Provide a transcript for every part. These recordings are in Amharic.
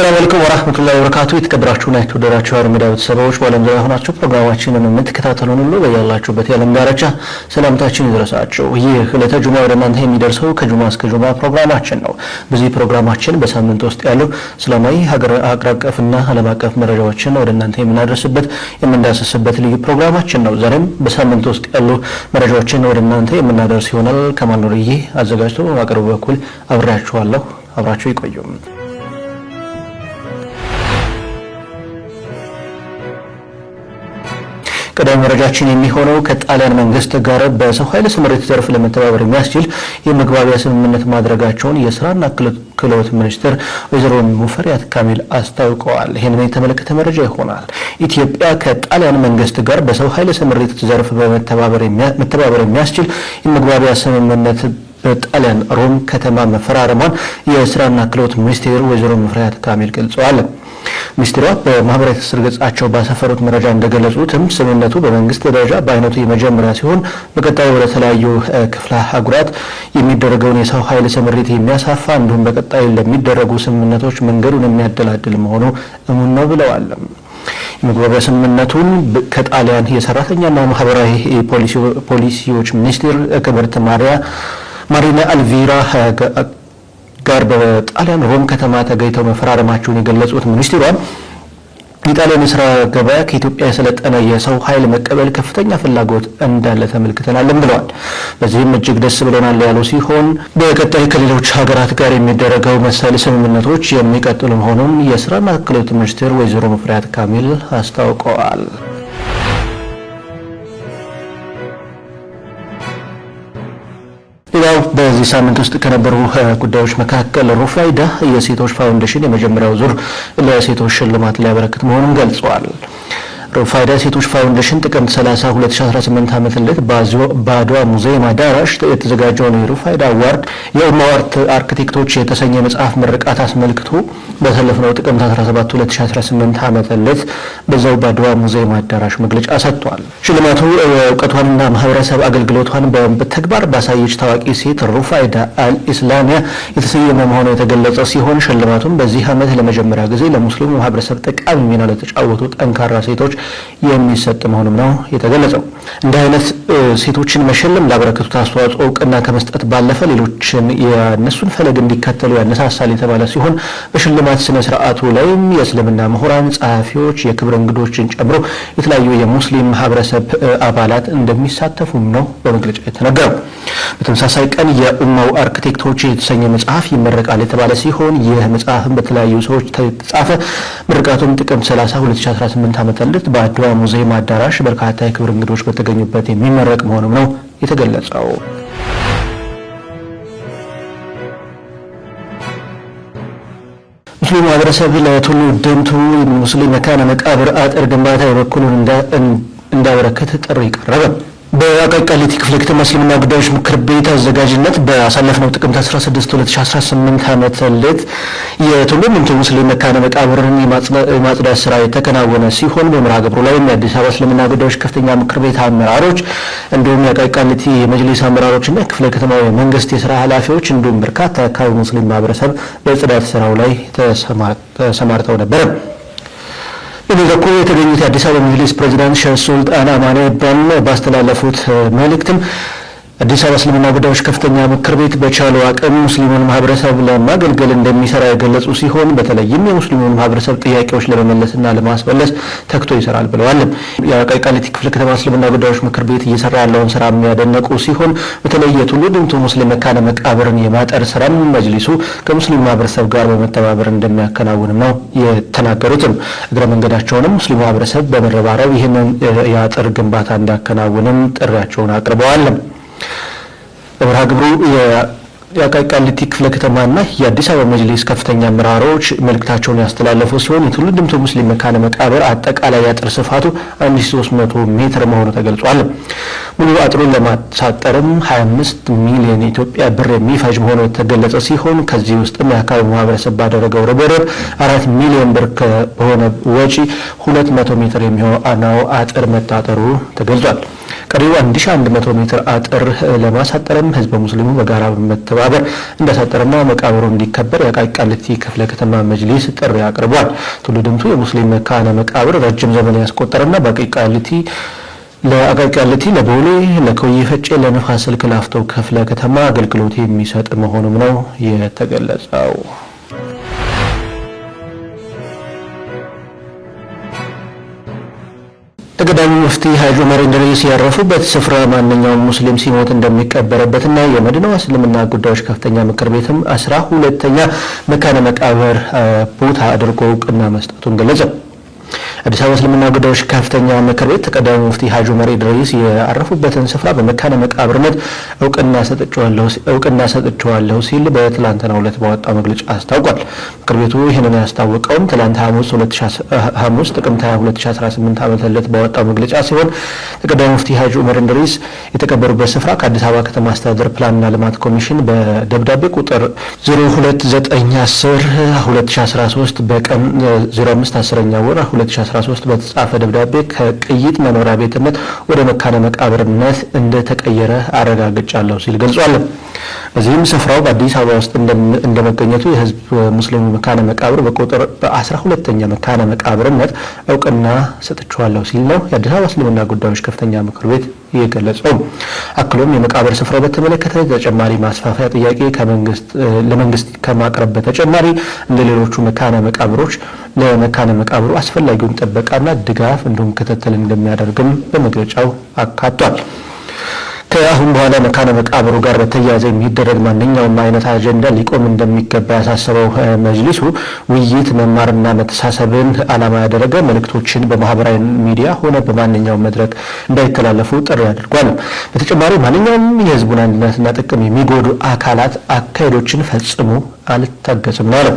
አሰላሙ አለይኩም ወራህመቱላሂ ወበረካቱ። የተከበራችሁ ላይ ተወደራችሁ ቤተሰቦች በዓለም ዙሪያ ሆናችሁ ፕሮግራማችንን የምትከታተሉን ሁሉ በያላችሁበት የዓለም ዳርቻ ሰላምታችን ይድረሳችሁ። ይህ ዕለተ ጁማ ወደ እናንተ የሚደርሰው ከጁማ እስከ ጁማ ፕሮግራማችን ነው። በዚህ ፕሮግራማችን በሳምንት ውስጥ ያሉ እስላማዊ ሀገር አቀፍና ዓለም አቀፍ መረጃዎችን ወደ እናንተ የምናደርስበት የምንዳሰስበት ልዩ ፕሮግራማችን ነው። ዛሬም በሳምንት ውስጥ ያሉ መረጃዎችን ወደ እናንተ የምናደርስ ይሆናል። ከማኖርዬ አዘጋጅቶ በማቅረቡ በኩል አብሬያችኋለሁ። አብራችሁ ይቆዩ። ቀዳሚ መረጃችን የሚሆነው ከጣሊያን መንግስት ጋር በሰው ኃይል ስምሪት ዘርፍ ለመተባበር የሚያስችል የመግባቢያ ስምምነት ማድረጋቸውን የስራና ክህሎት ሚኒስትር ወይዘሮ ሙፈሪያት ካሚል አስታውቀዋል። ይህንን የተመለከተ መረጃ ይሆናል። ኢትዮጵያ ከጣሊያን መንግስት ጋር በሰው ኃይል ስምሪት ዘርፍ በመተባበር የሚያስችል የመግባቢያ ስምምነት በጣሊያን ሮም ከተማ መፈራረሟን የስራና ክህሎት ሚኒስቴር ወይዘሮ ሙፈሪያት ካሚል ገልጸዋል። ሚኒስትሯ በማህበራዊ ትስስር ገጻቸው ባሰፈሩት መረጃ እንደገለጹትም ስምምነቱ በመንግስት ደረጃ በአይነቱ የመጀመሪያ ሲሆን በቀጣይ ወደ ተለያዩ ክፍለ አህጉራት የሚደረገውን የሰው ኃይል ስምሪት የሚያሳፋ እንዲሁም በቀጣይ ለሚደረጉ ስምምነቶች መንገዱን የሚያደላድል መሆኑ እሙን ነው ብለዋል። የመግባቢያ ስምምነቱን ከጣሊያን የሰራተኛና ማህበራዊ ፖሊሲዎች ሚኒስትር ክብርት ማሪያ ማሪና አልቪራ ጋር በጣሊያን ሮም ከተማ ተገኝተው መፈራረማቸውን የገለጹት ሚኒስትሯ የጣሊያን የስራ ገበያ ከኢትዮጵያ የሰለጠነ የሰው ኃይል መቀበል ከፍተኛ ፍላጎት እንዳለ ተመልክተናልም ብለዋል። በዚህም እጅግ ደስ ብሎናል ያሉ ሲሆን በቀጣይ ከሌሎች ሀገራት ጋር የሚደረገው መሰል ስምምነቶች የሚቀጥሉ መሆኑን የስራና ክህሎት ሚኒስትር ወይዘሮ መፍሪያት ካሚል አስታውቀዋል። ሌላው በዚህ ሳምንት ውስጥ ከነበሩ ጉዳዮች መካከል ሩፋይዳ የሴቶች ፋውንዴሽን የመጀመሪያው ዙር ለሴቶች ሽልማት ሊያበረክት መሆኑን ገልጸዋል። ሮፋይዳ ሴቶች ፋውንዴሽን ጥቅምት 30 2018 ዓ.ም ዕለት በአድዋ ሙዚየም አዳራሽ የተዘጋጀውን የሮፋይዳ አዋርድ የኡማው አርክቴክቶች የተሰኘ መጽሐፍ ምርቃት አስመልክቶ በሰለፍነው ጥቅምት 17 2018 ዓ.ም ዕለት በዛው በአድዋ ሙዚየም አዳራሽ መግለጫ ሰጥቷል። ሽልማቱ እውቀቷንና ማህበረሰብ አገልግሎቷን በተግባር ባሳየች ታዋቂ ሴት ሮፋይዳ አል ኢስላሚያ የተሰየመ መሆኑ የተገለጸ ሲሆን ሽልማቱም በዚህ ዓመት ለመጀመሪያ ጊዜ ለሙስሊሙ ማህበረሰብ ጠቃሚ ሚና ለተጫወቱ ጠንካራ ሴቶች የሚሰጥ መሆኑም ነው የተገለጸው። እንደ አይነት ሴቶችን መሸለም ላበረከቱት አስተዋጽኦ እውቅና ከመስጠት ባለፈ ሌሎችን የእነሱን ፈለግ እንዲከተሉ ያነሳሳል የተባለ ሲሆን በሽልማት ስነ ስርዓቱ ላይም የእስልምና ምሁራን፣ ጸሐፊዎች፣ የክብር እንግዶችን ጨምሮ የተለያዩ የሙስሊም ማህበረሰብ አባላት እንደሚሳተፉም ነው በመግለጫ የተነገረው። በተመሳሳይ ቀን የኡማው አርክቴክቶች የተሰኘ መጽሐፍ ይመረቃል የተባለ ሲሆን ይህ መጽሐፍም በተለያዩ ሰዎች ተጻፈ። ምርቃቱም ጥቅምት 30 2018 ም በአድዋ ሙዚየም አዳራሽ በርካታ የክብር እንግዶች በተገኙበት የሚመረቅ መሆኑም ነው የተገለጸው። ሙስሊም ማህበረሰብ ለቱሉ ደምቱ ሙስሊም መካነ መቃብር አጥር ግንባታ የበኩሉን እንዳበረከት ጥሪ ቀረበ። በአቃቂቃሊቲ ክፍለ ከተማ እስልምና ጉዳዮች ምክር ቤት አዘጋጅነት በአሳለፍነው ጥቅምት 16 2018 ዓመተ ልት የቱሉ ምንቱ ሙስሊም መካነ መቃብርን የማጽዳት ስራ የተከናወነ ሲሆን በመርሃ ግብሩ ላይ የአዲስ አበባ እስልምና ጉዳዮች ከፍተኛ ምክር ቤት አመራሮች እንዲሁም የአቃቂቃሊቲ የመጅሊስ አመራሮችና ክፍለ ከተማ መንግስት የስራ ኃላፊዎች እንዲሁም በርካታ አካባቢ ሙስሊም ማህበረሰብ በጽዳት ስራው ላይ ተሰማርተው ነበረ። በበኩ የተገኙት የአዲስ አበባ ምጅሊስ ፕሬዚዳንት ሼህ ሱልጣን አማኔ ባን ባስተላለፉት መልእክትም አዲስ አበባ እስልምና ጉዳዮች ከፍተኛ ምክር ቤት በቻለው አቅም ሙስሊሙን ማህበረሰብ ለማገልገል እንደሚሰራ የገለጹ ሲሆን በተለይም የሙስሊሙን ማህበረሰብ ጥያቄዎች ለመመለስና ለማስመለስ ተክቶ ይሰራል ብለዋል። የአቃቂ ቃሊቲ ክፍለ ከተማ እስልምና ጉዳዮች ምክር ቤት እየሰራ ያለውን ስራ የሚያደነቁ ሲሆን በተለይ የቱሉ ድምቱ ሙስሊም መካነ መቃብርን የማጠር ስራም መጅሊሱ ከሙስሊም ማህበረሰብ ጋር በመተባበር እንደሚያከናውንም ነው የተናገሩትም። እግረ መንገዳቸውንም ሙስሊሙ ማህበረሰብ በመረባረብ ይህንን የአጥር ግንባታ እንዳከናውንም ጥሪያቸውን አቅርበዋል። በመርሃ ግብሩ የአቃቂ ቃሊቲ ክፍለ ከተማና የአዲስ አበባ መጅሊስ ከፍተኛ አመራሮች መልእክታቸውን ያስተላለፉ ሲሆን የትውልድ ድምቱ ሙስሊም መካነ መቃብር አጠቃላይ የአጥር ስፋቱ 1300 ሜትር መሆኑ ተገልጿል። ሙሉ አጥሩን ለማሳጠርም 25 ሚሊዮን ኢትዮጵያ ብር የሚፈጅ መሆኑ የተገለጸ ሲሆን ከዚህ ውስጥም የአካባቢ ማህበረሰብ ባደረገው ርብርብ አራት ሚሊዮን ብር በሆነ ወጪ 200 ሜትር የሚሆነው አጥር መታጠሩ ተገልጿል። ቀሪው 1100 ሜትር አጥር ለማሳጠርም ህዝበ ሙስሊሙ በጋራ በመተባበር እንዲያሳጠርና መቃብሩ እንዲከበር የቃቂ ቃሊቲ ክፍለ ከተማ መጅሊስ ጥሪ አቅርቧል። ቱሉ ድምቱ የሙስሊም መካነ መቃብር ረጅም ዘመን ያስቆጠረና በቃቂ ቃሊቲ ለአቃቂ ቃሊቲ ለቦሌ ለኮዬ ፈጬ ለንፋስ ስልክ ላፍቶ ክፍለ ከተማ አገልግሎት የሚሰጥ መሆኑም ነው የተገለጸው። ተገዳሚ ሙፍቲ ሀጅ ዑመር እንድሪስ ያረፉበት ስፍራ ማንኛውም ሙስሊም ሲሞት እንደሚቀበረበትና የመድነው እስልምና ጉዳዮች ከፍተኛ ምክር ቤትም አስራ ሁለተኛ መካነ መቃብር ቦታ አድርጎ እውቅና መስጠቱን ገለጸ። አዲስ አበባ እስልምና ጉዳዮች ከፍተኛ ምክር ቤት ተቀዳሚ ሙፍቲ ሀጂ ዑመር ኢድሪስ ያረፉበትን ስፍራ በመካነ መቃብርነት እውቅና ሰጥቸዋለሁ ሲል በትላንትናው ዕለት ባወጣው መግለጫ አስታውቋል። ምክር ቤቱ ይህንን ያስታወቀውም ትላንት ሐሙስ ጥቅምት 2018 ዓ ም ባወጣው መግለጫ ሲሆን ተቀዳሚ ሙፍቲ ሀጂ ዑመር ኢድሪስ የተቀበሩበት ስፍራ ከአዲስ አበባ ከተማ አስተዳደር ፕላንና ልማት ኮሚሽን በደብዳቤ ቁጥር 02910 2013 በቀን 05 10ኛ ወር 2013 በተጻፈ ደብዳቤ ከቅይጥ መኖሪያ ቤትነት ወደ መካነ መቃብርነት እንደተቀየረ አረጋግጫለሁ ሲል ገልጿል። በዚህም ስፍራው በአዲስ አበባ ውስጥ እንደመገኘቱ የህዝብ ሙስሊም መካነ መቃብር በቁጥር በአስራ ሁለተኛ መካነ መቃብርነት እውቅና ሰጥችኋለሁ ሲል ነው የአዲስ አበባ እስልምና ጉዳዮች ከፍተኛ ምክር ቤት የገለጸው። አክሎም የመቃብር ስፍራው በተመለከተ ተጨማሪ ማስፋፊያ ጥያቄ ለመንግስት ከማቅረብ በተጨማሪ እንደ ሌሎቹ መካነ መቃብሮች ለመካነ መቃብሩ አስፈላጊውን ጥበቃና ድጋፍ እንዲሁም ክትትል እንደሚያደርግም በመግለጫው አካቷል። ከአሁን በኋላ መካነ መቃብሩ ጋር በተያያዘ የሚደረግ ማንኛውም አይነት አጀንዳ ሊቆም እንደሚገባ ያሳሰበው መጅሊሱ ውይይት፣ መማርና መተሳሰብን ዓላማ ያደረገ መልእክቶችን በማህበራዊ ሚዲያ ሆነ በማንኛውም መድረክ እንዳይተላለፉ ጥሪ አድርጓል። በተጨማሪ ማንኛውም የህዝቡን አንድነትና ጥቅም የሚጎዱ አካላት አካሄዶችን ፈጽሞ አልታገስም ነው ያለው።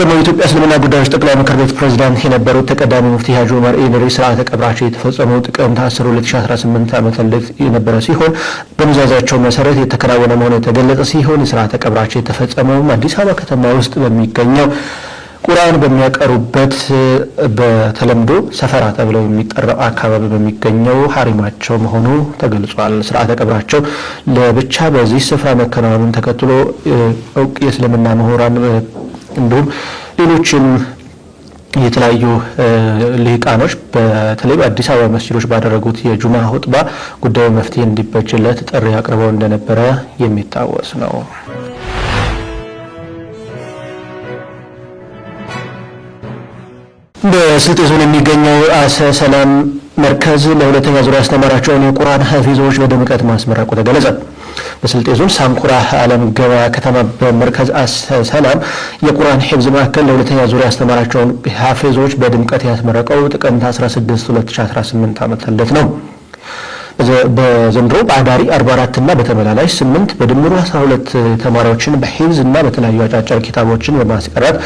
በተቀደመው የኢትዮጵያ እስልምና ጉዳዮች ጠቅላይ ምክር ቤት ፕሬዚዳንት የነበሩት ተቀዳሚ ሙፍቲ ሀጂ ዑመር ኢድሪ ስርዓተ ቀብራቸው የተፈጸመው ጥቅምት 10 2018 ዓ ም የነበረ ሲሆን በኑዛዜያቸው መሰረት የተከናወነ መሆኑ የተገለጸ ሲሆን የስርዓተ ቀብራቸው የተፈጸመውም አዲስ አበባ ከተማ ውስጥ በሚገኘው ቁርአን በሚያቀሩበት በተለምዶ ሰፈራ ተብለው የሚጠራው አካባቢ በሚገኘው ሀሪማቸው መሆኑ ተገልጿል። ስርዓተ ቀብራቸው ለብቻ በዚህ ስፍራ መከናወኑን ተከትሎ እውቅ የእስልምና ምሁራን እንዲሁም ሌሎችም የተለያዩ ልሂቃኖች በተለይ በአዲስ አበባ መስጅዶች ባደረጉት የጁማ ሁጥባ ጉዳዩ መፍትሄ እንዲበጅለት ጥሪ አቅርበው እንደነበረ የሚታወስ ነው። በስልጤ ዞን የሚገኘው አሰ ሰላም መርከዝ ለሁለተኛ ዙሪያ ያስተማራቸውን የቁርአን ሀፊዞች በድምቀት ማስመረቁ ተገለጸ። በስልጤ ዞን ሳንኩራ አለም ገበያ ከተማ በመርከዝ ሰላም የቁርአን ሒፍዝ መካከል ለሁለተኛ ዙር ያስተማራቸውን ሀፊዞች በድምቀት ያስመረቀው ጥቅምት 16 2018 ዓ ም ነው። በዘንድሮ በአዳሪ 44 እና በተመላላሽ 8 በድምሩ 12 ተማሪዎችን በሒፍዝ እና በተለያዩ አጫጭር ኪታቦችን በማስቀራት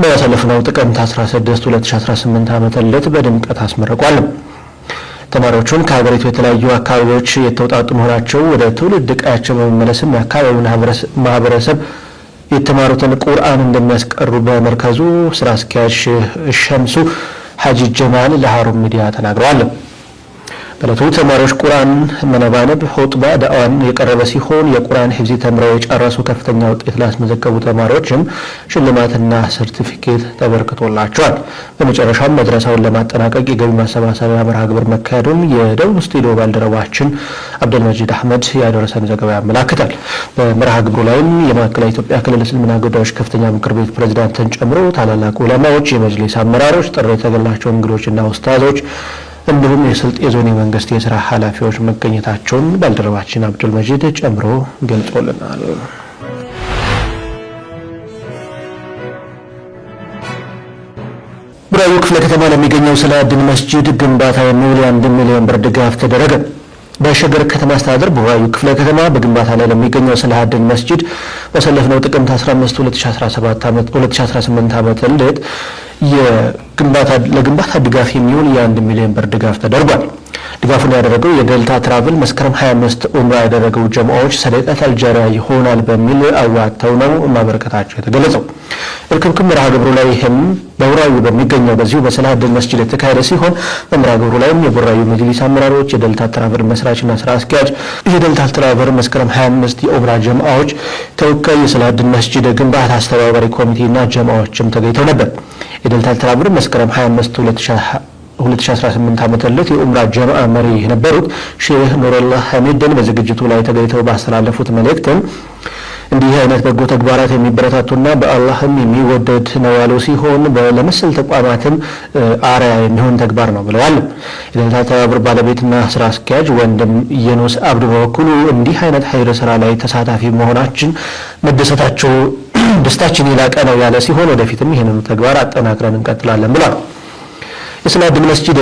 በያሳለፍነው ጥቅምት 16 2018 ዓ ም በድምቀት አስመርቋል። ተማሪዎቹን ከሀገሪቱ የተለያዩ አካባቢዎች የተውጣጡ መሆናቸው ወደ ትውልድ ቀያቸው በመመለስም የአካባቢውን ማህበረሰብ የተማሩትን ቁርአን እንደሚያስቀሩ በመርከዙ ስራ አስኪያጅ ሸምሱ ሀጂ ጀማል ለሀሩን ሚዲያ ተናግረዋል። በለቱ ተማሪዎች ቁርአን መነባነብ፣ ሆጥባ፣ ዳዕዋን የቀረበ ሲሆን የቁርአን ሂፍዚ ተምረው የጨረሱ ከፍተኛ ውጤት ላስመዘገቡ ተማሪዎችም ሽልማትና ሰርቲፊኬት ተበርክቶላቸዋል። በመጨረሻም መድረሳውን ለማጠናቀቅ የገቢ ማሰባሰቢያ መርሃ ግብር መካሄዱን የደቡብ ስቱዲዮ ባልደረባችን አብደልመጂድ አህመድ ያደረሰን ዘገባ ያመላክታል። በመርሃ ግብሩ ላይም የማዕከላዊ ኢትዮጵያ ክልል እስልምና ጉዳዮች ከፍተኛ ምክር ቤት ፕሬዚዳንትን ጨምሮ ታላላቅ ዑለማዎች፣ የመጅሊስ አመራሮች፣ ጥሪ የተገላቸው እንግዶችና ውስታዞች እንዲሁም የስልጤ ዞን የመንግስት የስራ ኃላፊዎች መገኘታቸውን ባልደረባችን አብዱል መጂድ ጨምሮ ገልጾልናል። ብራዩ ክፍለ ከተማ ለሚገኘው ስለ አዲን መስጂድ ግንባታ የሚውል የአንድ ሚሊዮን ብር ድጋፍ ተደረገ። በሸገር ከተማ አስተዳደር በራዩ ክፍለ ከተማ በግንባታ ላይ ለሚገኘው ስለ አዲን መስጂድ በሰለፍነው ጥቅምት 15 2017 ዓ.ም ለግንባታ ድጋፍ የሚሆን የአንድ ሚሊዮን ብር ድጋፍ ተደርጓል። ድጋፉን ያደረገው የዴልታ ትራቭል መስከረም 25 ዑምራ ያደረገው ጀማዎች ሰደቀት አልጀሪያ ይሆናል በሚል አዋተው ነው ማበረከታቸው የተገለጸው። እርክብክብ መርሃ ግብሩ ላይ ይህም በቡራዩ በሚገኘው በዚሁ በሰላህ ዕድል መስጂድ የተካሄደ ሲሆን በመርሃ ግብሩ ላይም የቡራዩ መጅሊስ አመራሮች፣ የዴልታ ትራቭል መስራችና ስራ አስኪያጅ፣ የዴልታ ትራቨር መስከረም 25 የዑምራ ጀማዎች ተወካይ፣ የሰላህ ዕድል መስጂድ ግንባታ አስተባባሪ ኮሚቴና ጀማዎችም ተገኝተው ነበር። የደልታ ተራብር መስከረም 25 2018 ዓመተ ምህረት የኡምራ ጀምዓ መሪ የነበሩት ሼህ ኑረላህ ሐሚድን በዝግጅቱ ላይ ተገኝተው ባስተላለፉት መልእክትም እንዲህ አይነት በጎ ተግባራት የሚበረታቱና በአላህም የሚወደድ ነው ያሉ ሲሆን ለመሰል ተቋማትም አርያ የሚሆን ተግባር ነው ብለዋል። የደልታ ተባብር ባለቤትና ስራ አስኪያጅ ወንድም የኑስ አብዱ በበኩሉ እንዲህ አይነት ሀይር ስራ ላይ ተሳታፊ መሆናችን መደሰታቸው ደስታችን የላቀ ነው ያለ ሲሆን ወደፊትም ይህንን ተግባር አጠናክረን እንቀጥላለን ብሏል። የስናድ መስጂድ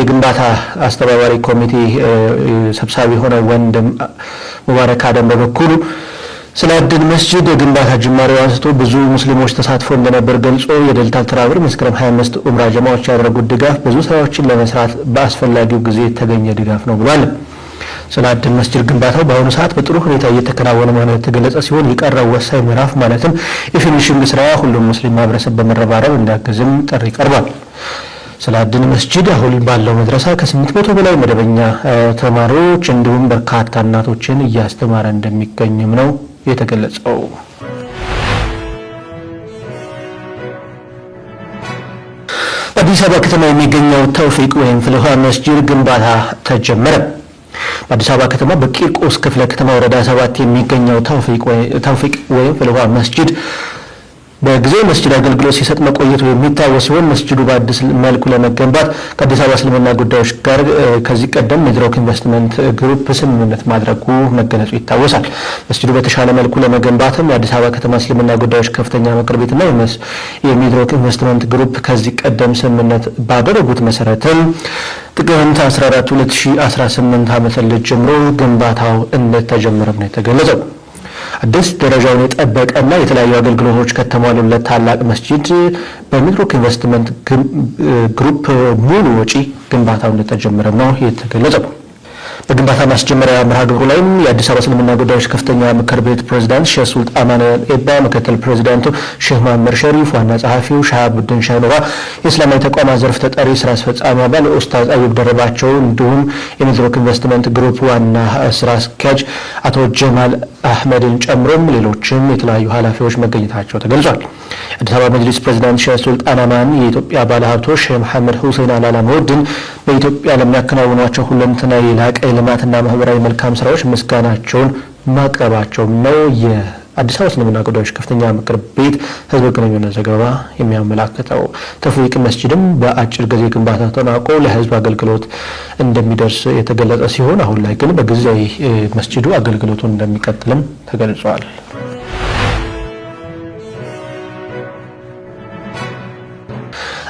የግንባታ አስተባባሪ ኮሚቴ ሰብሳቢ የሆነ ወንድም ሙባረክ አደም በበኩሉ ስናድን መስጂድ የግንባታ ጅማሬው አንስቶ ብዙ ሙስሊሞች ተሳትፎ እንደነበር ገልጾ የደልታ ትራብር መስከረም 25 ኡምራ ጀማዎች ያደረጉት ድጋፍ ብዙ ስራዎችን ለመስራት በአስፈላጊው ጊዜ የተገኘ ድጋፍ ነው ብሏል። ስለ መስጅድ ግንባታው በአሁኑ ሰዓት በጥሩ ሁኔታ እየተከናወነ መሆኑ የተገለጸ ሲሆን የቀረው ወሳኝ ምዕራፍ ማለትም የፊኒሽንግ ስራ ሁሉም ሙስሊም ማህበረሰብ በመረባረብ እንዲያግዝም ጥሪ ቀርቧል። ስለ አድን መስጅድ አሁን ባለው መድረሳ ከስምንት መቶ በላይ መደበኛ ተማሪዎች እንዲሁም በርካታ እናቶችን እያስተማረ እንደሚገኝም ነው የተገለጸው። አዲስ አበባ ከተማ የሚገኘው ተውፊቅ ወይም ፍልውሃ መስጅድ ግንባታ ተጀመረ። በአዲስ አበባ ከተማ በቂርቆስ ክፍለ ከተማ ወረዳ ሰባት የሚገኘው ተውፊቅ ወይም ፍልውሃ መስጂድ በጊዜ መስጅድ አገልግሎት ሲሰጥ መቆየቱ የሚታወስ ሲሆን መስጅዱ በአዲስ መልኩ ለመገንባት ከአዲስ አበባ እስልምና ጉዳዮች ጋር ከዚህ ቀደም መድረክ ኢንቨስትመንት ግሩፕ ስምምነት ማድረጉ መገለጹ ይታወሳል። መስጅዱ በተሻለ መልኩ ለመገንባትም የአዲስ አበባ ከተማ እስልምና ጉዳዮች ከፍተኛ ምክር ቤትና የሚድሮክ ኢንቨስትመንት ግሩፕ ከዚህ ቀደም ስምምነት ባደረጉት መሰረትም ጥቅምት 14 2018 ዓ.ም ጀምሮ ግንባታው እንደተጀመረም ነው የተገለጸው። አዲስ ደረጃውን የጠበቀና የተለያዩ አገልግሎቶች ከተሟሉለት ታላቅ መስጂድ በሚድሮክ ኢንቨስትመንት ግሩፕ ሙሉ ወጪ ግንባታው እንደተጀመረ ነው የተገለጸው። በግንባታ ማስጀመሪያ መርሃ ግብሩ ላይም የአዲስ አበባ እስልምና ጉዳዮች ከፍተኛ ምክር ቤት ፕሬዚዳንት ሼህ ሱልጣን ኤባ፣ ምክትል ፕሬዚዳንቱ ሼህ መሐመድ ሸሪፍ፣ ዋና ጸሐፊው ሻሃቡድን ሻይኖራ፣ የእስላማዊ ተቋማት ዘርፍ ተጠሪ ስራ አስፈጻሚ አባል ኡስታዝ አዩብ ደረባቸው እንዲሁም የሚድሮክ ኢንቨስትመንት ግሩፕ ዋና ስራ አስኪያጅ አቶ ጀማል አህመድን ጨምሮም ሌሎችም የተለያዩ ኃላፊዎች መገኘታቸው ተገልጿል። አዲስ አበባ መጅሊስ ፕሬዚዳንት ሼህ ሱልጣን አማኒ የኢትዮጵያ ባለሀብቶች ሼህ መሐመድ ሁሴን አላላሙዲን በኢትዮጵያ ለሚያከናውኗቸው ሁለንትና የላቀ ልማትና ማህበራዊ መልካም ስራዎች ምስጋናቸውን ማቅረባቸው ነው የአዲስ አበባ እስልምና ጉዳዮች ከፍተኛ ምክር ቤት ህዝብ ግንኙነት ዘገባ የሚያመላክተው። ተፍሪቅ መስጂድም በአጭር ጊዜ ግንባታ ተጠናቆ ለህዝብ አገልግሎት እንደሚደርስ የተገለጸ ሲሆን አሁን ላይ ግን በጊዜያዊ መስጂዱ አገልግሎቱን እንደሚቀጥልም ተገልጿል።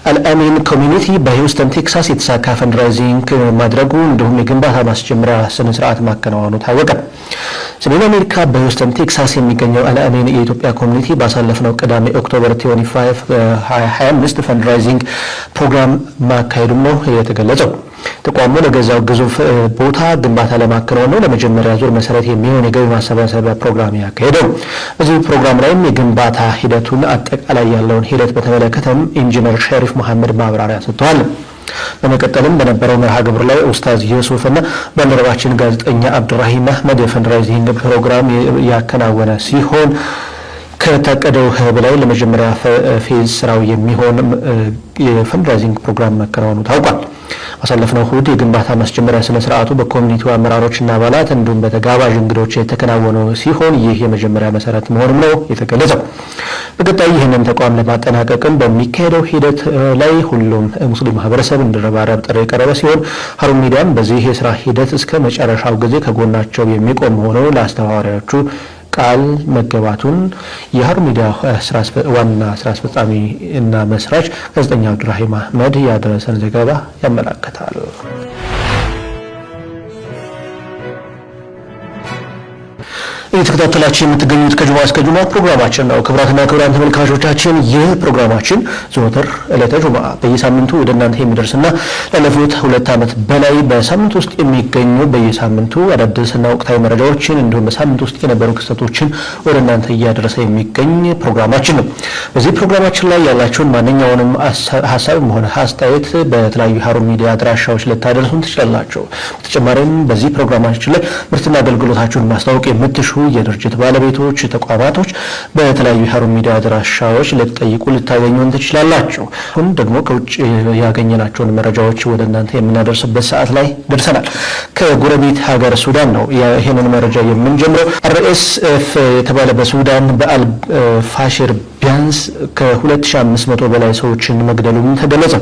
አልአሚን ኮሚኒቲ በሂውስተን ቴክሳስ የተሳካ ፈንድራይዚንግ ማድረጉ እንዲሁም የግንባታ ማስጀመሪያ ስነ ስርዓት ማከናወኑ ታወቀ። ሰሜን አሜሪካ በሂውስተን ቴክሳስ የሚገኘው አልአሚን የኢትዮጵያ ኮሚኒቲ ባሳለፍነው ቅዳሜ ኦክቶበር 25 uh, ፈንድራይዚንግ ፕሮግራም ማካሄዱም ነው የተገለጸው። ተቋሙ ለገዛው ግዙፍ ቦታ ግንባታ ለማከናወን ነው ለመጀመሪያ ዙር መሰረት የሚሆን የገቢ ማሰባሰቢያ ፕሮግራም ያካሄደው። በዚህ ፕሮግራም ላይም የግንባታ ሂደቱን አጠቃላይ ያለውን ሂደት በተመለከተም ኢንጂነር ሸሪፍ መሐመድ ማብራሪያ ሰጥተዋል። በመቀጠልም በነበረው መርሃ ግብር ላይ ኡስታዝ ዩሱፍና ባልደረባችን ጋዜጠኛ አብዱራሂም አህመድ የፈንድራይዚንግ ፕሮግራም ያከናወነ ሲሆን ከታቀደው በላይ ለመጀመሪያ ፌዝ ስራው የሚሆን የፈንድራይዚንግ ፕሮግራም መከናወኑ ታውቋል። አሳለፍነው እሁድ የግንባታ ማስጀመሪያ ስነ ስርዓቱ በኮሚኒቲው አመራሮችና አባላት እንዲሁም በተጋባዥ እንግዶች የተከናወነ ሲሆን ይህ የመጀመሪያ መሰረት መሆኑም ነው የተገለጸው። በቀጣይ ይህንን ተቋም ለማጠናቀቅም በሚካሄደው ሂደት ላይ ሁሉም ሙስሊም ማህበረሰብ እንዲረባረብ ጥሪ የቀረበ ሲሆን ሀሩን ሚዲያም በዚህ የስራ ሂደት እስከ መጨረሻው ጊዜ ከጎናቸው የሚቆም ሆነው ለአስተባባሪዎቹ ቃል መገባቱን የሀሩ ሚዲያ ዋና ስራ አስፈጻሚ እና መስራች ጋዜጠኛ አብዱራሂም አህመድ ያደረሰን ዘገባ ያመላክታል። እየተከታተላችሁ የምትገኙት ከጁማ እስከ ጁማ ፕሮግራማችን ነው። ክብራትና ክብራን ተመልካቾቻችን ይህ ፕሮግራማችን ዘወትር ዕለተ ጁማ በየሳምንቱ ወደ እናንተ የሚደርስና ላለፉት ሁለት ዓመት በላይ በሳምንት ውስጥ የሚገኙ በየሳምንቱ አዳዲስና ወቅታዊ መረጃዎችን እንዲሁም በሳምንት ውስጥ የነበሩ ክስተቶችን ወደ እናንተ እያደረሰ የሚገኝ ፕሮግራማችን ነው። በዚህ ፕሮግራማችን ላይ ያላችሁን ማንኛውንም ሀሳብም ሆነ አስተያየት በተለያዩ ሀሩ ሚዲያ አድራሻዎች ልታደርሱን ትችላላችሁ። በተጨማሪም በዚህ ፕሮግራማችን ላይ ምርትና አገልግሎታችሁን ማስታወቅ የምትሹ የድርጅት ባለቤቶች፣ ተቋማቶች በተለያዩ የሀሩን ሚዲያ አድራሻዎች ልትጠይቁ ልታገኙን ትችላላችሁ። አሁን ደግሞ ከውጭ ያገኘናቸውን መረጃዎች ወደ እናንተ የምናደርስበት ሰዓት ላይ ደርሰናል። ከጎረቤት ሀገር ሱዳን ነው ይህንን መረጃ የምንጀምረው። አርኤስኤፍ የተባለ በሱዳን በአል ፋሽር ቢያንስ ከ2500 በላይ ሰዎችን መግደሉም ተገለጸ።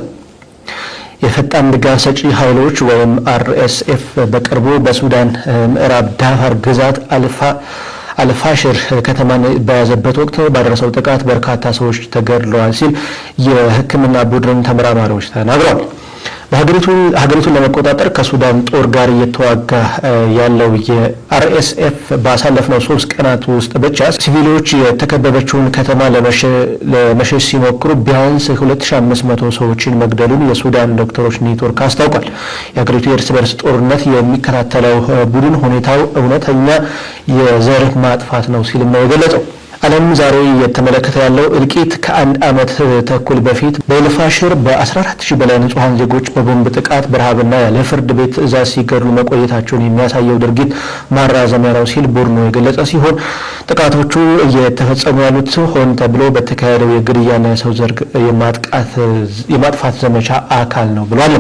የፈጣን ድጋፍ ሰጪ ኃይሎች ወይም አርኤስኤፍ በቅርቡ በሱዳን ምዕራብ ዳፋር ግዛት አልፋ አልፋሽር ከተማን በያዘበት ወቅት ባደረሰው ጥቃት በርካታ ሰዎች ተገድለዋል ሲል የሕክምና ቡድን ተመራማሪዎች ተናግረዋል። ሀገሪቱን ለመቆጣጠር ከሱዳን ጦር ጋር እየተዋጋ ያለው የአርኤስኤፍ ባሳለፍነው ሶስት ቀናት ውስጥ ብቻ ሲቪሎች የተከበበችውን ከተማ ለመሸሽ ሲሞክሩ ቢያንስ 2500 ሰዎችን መግደሉን የሱዳን ዶክተሮች ኔትወርክ አስታውቋል። የሀገሪቱ የእርስ በርስ ጦርነት የሚከታተለው ቡድን ሁኔታው እውነተኛ የዘር ማጥፋት ነው ሲልም ነው የገለጸው። ዓለም ዛሬ እየተመለከተ ያለው እልቂት ከአንድ ዓመት ተኩል በፊት በኤልፋሽር በ14 ሺህ በላይ ንጹሐን ዜጎች በቦምብ ጥቃት በረሃብና ያለ ፍርድ ቤት ትዕዛዝ ሲገሉ መቆየታቸውን የሚያሳየው ድርጊት ማራዘሚያ ነው ሲል ቡድኑ የገለጸ ሲሆን ጥቃቶቹ እየተፈጸሙ ያሉት ሆን ተብሎ በተካሄደው የግድያና የሰው ዘር የማጥፋት ዘመቻ አካል ነው ብሏል።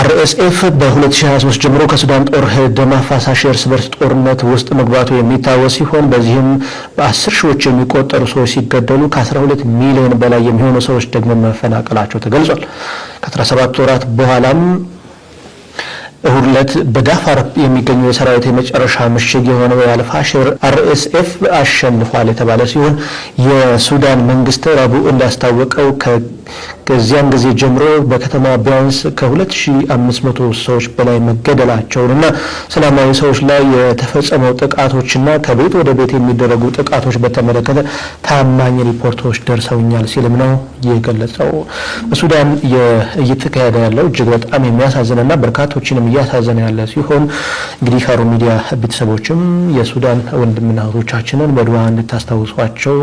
አርኤስኤፍ በ2023 ጀምሮ ከሱዳን ጦር ደም አፋሳሽ እርስ በርስ ጦርነት ውስጥ መግባቱ የሚታወስ ሲሆን በዚህም በአስር ሺዎች የሚቆጠሩ ሰዎች ሲገደሉ ከ12 ሚሊዮን በላይ የሚሆኑ ሰዎች ደግሞ መፈናቀላቸው ተገልጿል። ከ17 ወራት በኋላም እሁድ ዕለት በዳፋር የሚገኙ የሰራዊት የመጨረሻ ምሽግ የሆነው የአልፋሽር አርኤስኤፍ አሸንፏል የተባለ ሲሆን የሱዳን መንግስት ረቡዕ እንዳስታወቀው ከዚያን ጊዜ ጀምሮ በከተማ ቢያንስ ከ2500 ሰዎች በላይ መገደላቸውን እና ሰላማዊ ሰዎች ላይ የተፈጸመው ጥቃቶችና ከቤት ወደ ቤት የሚደረጉ ጥቃቶች በተመለከተ ታማኝ ሪፖርቶች ደርሰውኛል ሲልም ነው የገለጸው። በሱዳን እየተካሄደ ያለው እጅግ በጣም የሚያሳዝንና በርካቶችንም እያሳዘነ ያለ ሲሆን እንግዲህ ሀሩን ሚዲያ ቤተሰቦችም የሱዳን ወንድምና እህቶቻችንን በዱዓ እንድታስታውሷቸው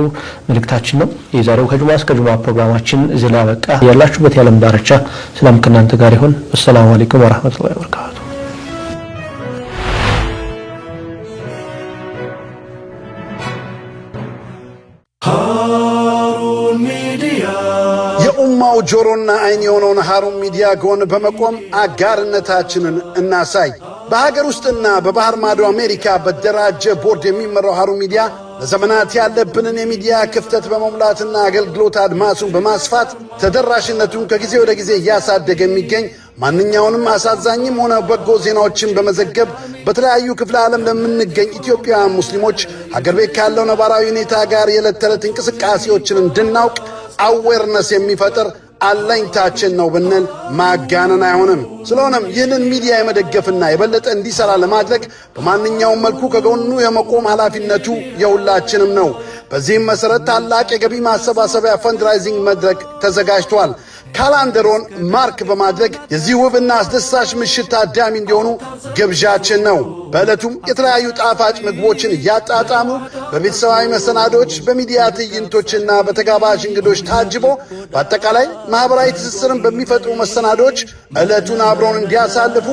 መልእክታችን ነው። የዛሬው ከጁማ እስከ ጁማ ፕሮግራማችን ስላበቃ ያላችሁበት የዓለም ዳርቻ ሰላም ከእናንተ ጋር ይሁን። አሰላሙ አለይኩም ወራህመቱላሂ ወበረካቱ። የኡማው ጆሮና አይን የሆነውን ሃሩን ሚዲያ ጎን በመቆም አጋርነታችንን እናሳይ። በሀገር ውስጥና በባህር ማዶ አሜሪካ በደራጀ ቦርድ የሚመራው ሀሩን ሚዲያ ለዘመናት ያለብንን የሚዲያ ክፍተት በመሙላትና አገልግሎት አድማሱን በማስፋት ተደራሽነቱን ከጊዜ ወደ ጊዜ እያሳደገ የሚገኝ ማንኛውንም አሳዛኝም ሆነ በጎ ዜናዎችን በመዘገብ በተለያዩ ክፍለ ዓለም ለምንገኝ ኢትዮጵያውያን ሙስሊሞች ሀገር ቤት ካለው ነባራዊ ሁኔታ ጋር የዕለት ተዕለት እንቅስቃሴዎችን እንድናውቅ አዌርነስ የሚፈጥር አለኝታችን ነው ብንል ማጋነን አይሆንም። ስለሆነም ይህንን ሚዲያ የመደገፍና የበለጠ እንዲሰራ ለማድረግ በማንኛውም መልኩ ከጎኑ የመቆም ኃላፊነቱ የሁላችንም ነው። በዚህም መሠረት ታላቅ የገቢ ማሰባሰቢያ ፈንድራይዚንግ መድረክ ተዘጋጅቷል። ካላንደሮን ማርክ በማድረግ የዚህ ውብና አስደሳች ምሽት ታዳሚ እንዲሆኑ ግብዣችን ነው። በዕለቱም የተለያዩ ጣፋጭ ምግቦችን እያጣጣሙ በቤተሰባዊ መሰናዶች፣ በሚዲያ ትዕይንቶችና በተጋባዥ እንግዶች ታጅቦ በአጠቃላይ ማኅበራዊ ትስስርን በሚፈጥሩ መሰናዶች ዕለቱን አብረውን እንዲያሳልፉ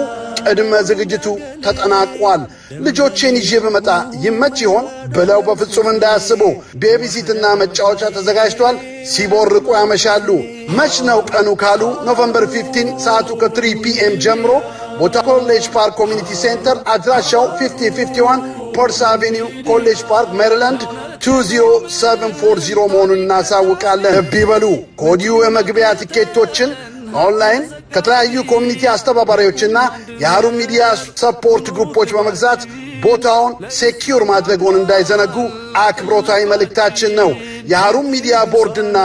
ቅድመ ዝግጅቱ ተጠናቋል። ልጆቼን ይዤ ብመጣ ይመች ይሆን ብለው በፍጹም እንዳያስቡ ቤቢሲትና መጫወቻ ተዘጋጅቷል። ሲቦርቁ ያመሻሉ። መች ነው ቀኑ ካሉ ኖቨምበር 15 ሰዓቱ ከ3 ፒኤም ጀምሮ ቦታ ኮሌጅ ፓርክ ኮሚኒቲ ሴንተር አድራሻው 551 ፖርስ አቬኒው ኮሌጅ ፓርክ ሜሪላንድ 20740 መሆኑን እናሳውቃለን። እቢ በሉ ከወዲሁ የመግቢያ ትኬቶችን ኦንላይን ከተለያዩ ኮሚኒቲ አስተባባሪዎችና የሀሩን ሚዲያ ሰፖርት ግሩፖች በመግዛት ቦታውን ሴኪዩር ማድረጉን እንዳይዘነጉ አክብሮታዊ መልእክታችን ነው። የሀሩን ሚዲያ ቦርድና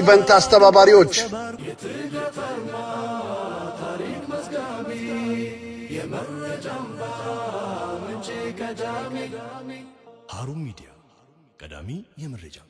ኢቨንት አስተባባሪዎች ሀሩን ሚዲያ ቀዳሚ የመረጃ